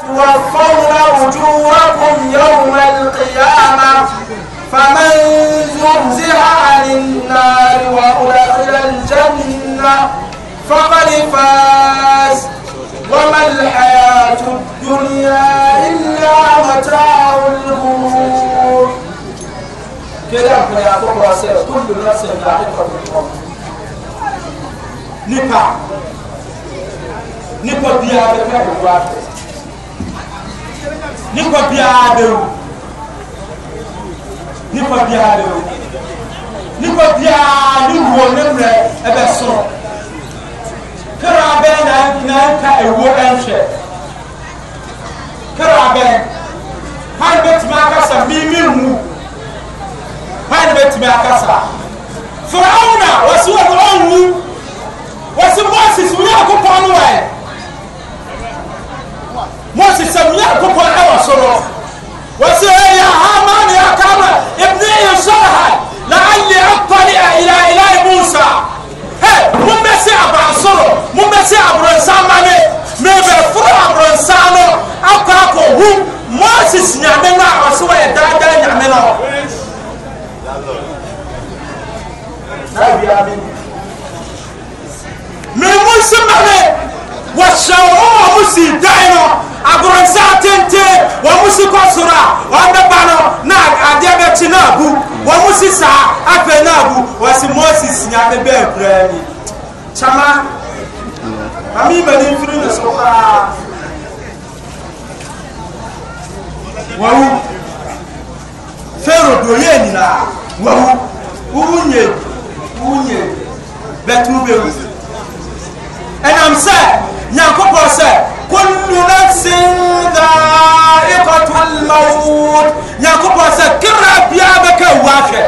توفون أجوركم يوم القيامة فمن زحزح عن النار وأدخل الجنة فقد فاز وما الحياة الدنيا إلا متاع الغرور كده أحنا يعقوب راسية كل الناس يلاحقها بالحب nipa biara bɛwu nipa biara bɛwu nipa biara ne wuo ne mmerɛ ɛbɛsoro kara bɛyɛ na na nka wɔhyɛ wɔn wɔn si dan no agoronsa tenten wɔn si kɔ soro a wɔn bɛba no na adeɛ bɛkyi na abu wɔn si saa afɛ na abu wɔsi moses nyame bɛɛ kura ni kyama maame bɛni mfiri ne so koraa wɔwu fero do yɛ nyinaa wɔwu wuwu nye wuwu nye bɛtu bɛwu ɛnam sɛ nyankopɔn sɛ kullu nafsin dha'iqatul maut nyankopɔn sɛ kra biara bɛka awu ahwɛ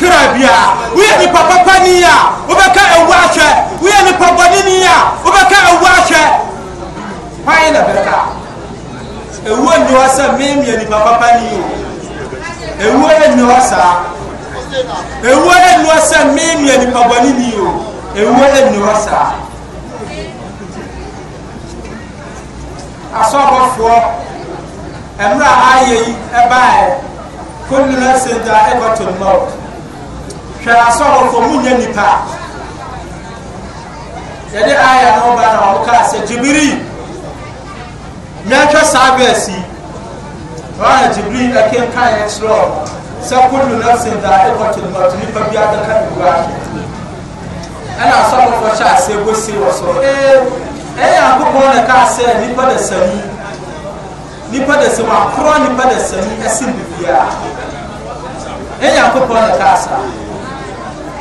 kra biara woyɛ nipa papani a wobɛka awu ahwɛ woyɛ nipa bɔneni a wobɛka awu ahwɛ hwan na bɛka ewu ni hɔ sɛ memiɛ nipa papani o ewu ni hɔ saa ewu ni hɔ sɛ memiɛ nipa bɔneni o ewu ni hɔ asɔbɔfoɔ mmerɛ a ayɛ yi baeɛ kullu nafsin da'iqatul maut hwɛ asɔbɔfoɔ munyɛ nnipa yɛde ayɛ no ba na ɔwokaa sɛ jibril mɛhwɛ saa verse ɔna jibril ɛkenkan yɛ kyerɛ ɔ sɛ kullu nafsin da'iqatul maut nnipa bi bɛka ne wura ɛna asɔbɔfoɔ hyɛ aseɛ bɔsie wɔ ɛyɛ nyankopɔn na kaa sɛ nnipa da sami nnipa da sami akorɔ nnipa da sami ɛsi biribiara ɛyɛ nyankopɔn na kaa saa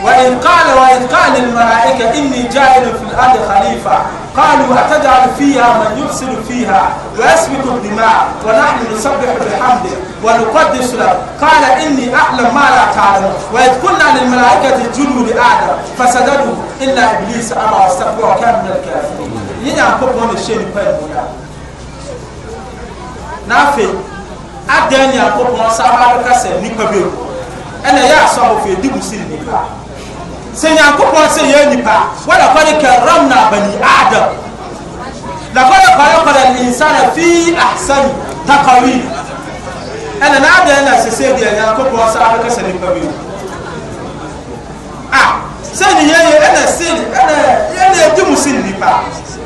وإن قال وإن قال الملائكة إني جاعل في الأرض خليفة قالوا أتجعل فيها من يفسد فيها ويسبق الدماء ونحن نسبح بحمده ونقدس له قال إني أعلم ما لا تعلم وإذ قلنا للملائكة اسجدوا لآدم فسجدوا إلا إبليس أبى واستكبر وكان من الكافرين yɛ nyankopɔn ne hyɛ nipa animuya na afei adan nyankopɔn saa ba bɛka sɛ nipa bi mu ɛna ɛyɛ asɔfo yɛdi mu si nipa sɛ nyankopɔn sɛ yɛ nipa wɔde kɔde kɛrɛm na bani adam lakɔde kɔde kɔde ninsana fi ahsani takawi ɛna n'adan na sese deɛ nyankopɔn saa bɛka sɛ nipa bi mu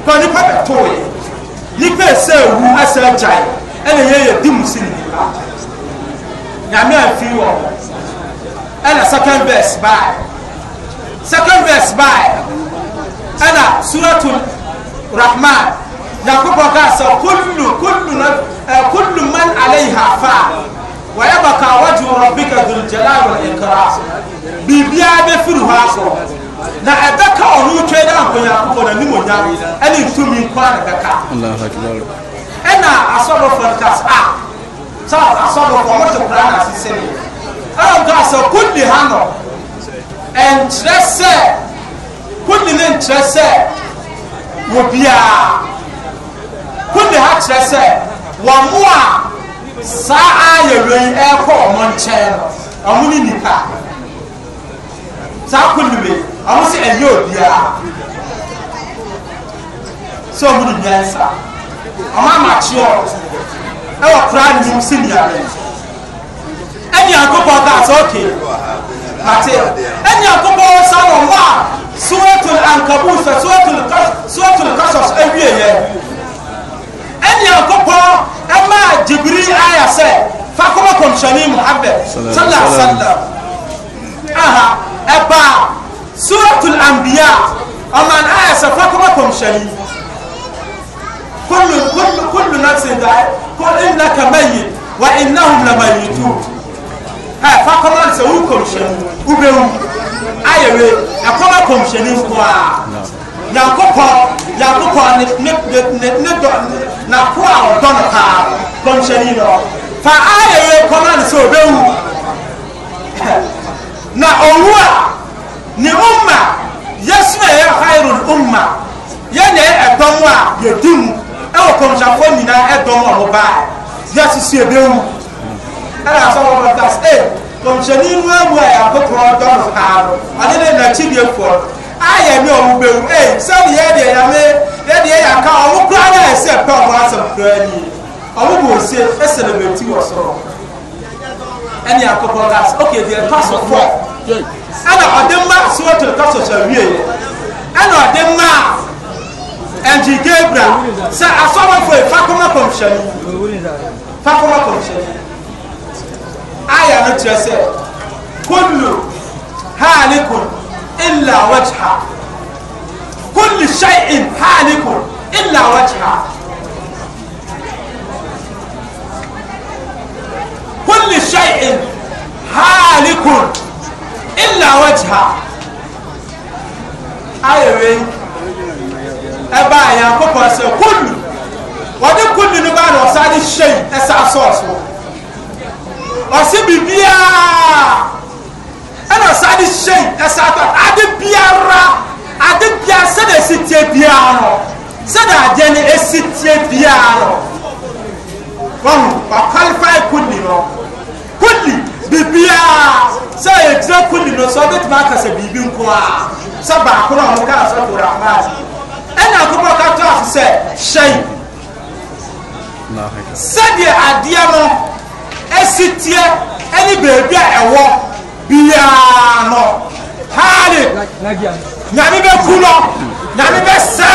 pa nipa bɛtɔɔ yɛ nipa ɛsɛ awu asɛ agyae ɛna yɛyɛ di mu si ne nipa nyame amfiri wɔ ɛna second verse bae second verse bae ɛna suratul rahman nyankopɔn kaa sɛ kullu kullu eh, kullu man alaiha faa wɔyɛ baka wajhu rabbika dhul jalal wal ikram biribiaa bɛfiri hɔ akɔ na ɛbɛka ɔno twɛ dɛ akɔnyankopɔn na nimɔnya ɛne ntumi nko a ɛbɛka ɛna asɔdɔfoɔ no ka sɛ a sɛ asɔdɔfoɔ mote kora na asesɛne ɛnka sɛ konni ha no ɛnkyerɛ sɛ konni ne nkyerɛ sɛ wɔ biaa konni ha kyerɛ sɛ wɔmo a saa ayɛwei ɛrekɔ ɔmo nkyɛn no ɔmo ne nipa saa konni wei àwọn sẹ ẹyẹ obiara sẹ ọmọ ni nyɛ nsa ọmọ ama kye ọ ɛwɔ koraa ni mu si niare ɛni akokɔ kaasa oke ate ɛni akokɔ sa wɔ hɔ a suwatul ankabut fɛ suwatul kas suwatul kasɔs ewie yɛ ɛni akokɔ ɛma jibiri aya sɛ fakoma kɔmsɛni muhammed sallallahu alaihi wa sallam ɛha ɛbaa suratul anbiya ọmọ náà ẹsẹ fakọmọ kọmṣẹlí kullu kullu kullu nafsin da kullu innaka mayyit wa innahum lamayyitun ẹ fakọmọ ẹsẹ wú kọmṣẹlí ubewu ayẹwé ẹkọmọ kọmṣẹlí nkọ a yankopɔ yankopɔ ne ne ne ne dɔ na ko a dɔn paa kɔmṣẹlí nɔ fa ayẹwé kɔmọ ẹsẹ obewu na owu a ne umma yɛsoma yɛ hairul umma yɛne ɛdɔm a yɛdi mu ɛwɔ kɔmhyɛfoɔ nyinaa ɛdɔm a mobaa yɛsisi ɛbɛwu ɛna sɛ wɔbɛdas e kɔmhyɛni no awu a yɛakokorɔ dɔm paa no ade ne nakyidiefoɔ ayɛ me ɔmo bɛwu e sɛne yɛdeɛ yɛme yɛdeɛ yɛaka ɔmo koraa ne ɛsɛ pɛ ɔmo asɛm koraa ni ɔmo bɔ osie ɛsɛ ne bɛti wɔ soro ɛne akokɔ gas okay deɛ pass of four ɛna ɔde ma suratul kasas awie ɛna ɔde ma ɛngyi gabriel sɛ asɔrɔfo yi e, fakoma kɔmhyɛni fakoma kɔmhyɛni aya no kyerɛ sɛ kullu halikun illa wajha kullu shay'in halikun illa wajha ɔsan de hyɛ yi ɛsɛ asɔɔso ɔsi bibiaa ɛna ɔsan de hyɛ yi ɛsɛ atɔ ade biara ade biara sɛde esi tie biara no sɛde adeɛ no esi tie biara no wɔn wakɔlifai Kundi. no kuli bibiaa sɛ egyina Kundi. no so ɔbɛtumi akasa biribi nko a sɛ baako na ɔmo kaa sɛ kura maa ɛna akokɔ kato aso sɛ hyɛ sɛdeɛ adeɛ no asi teɛ ne baabi a ɛwɔ biara no haale nyame bɛku no nyame bɛsɛ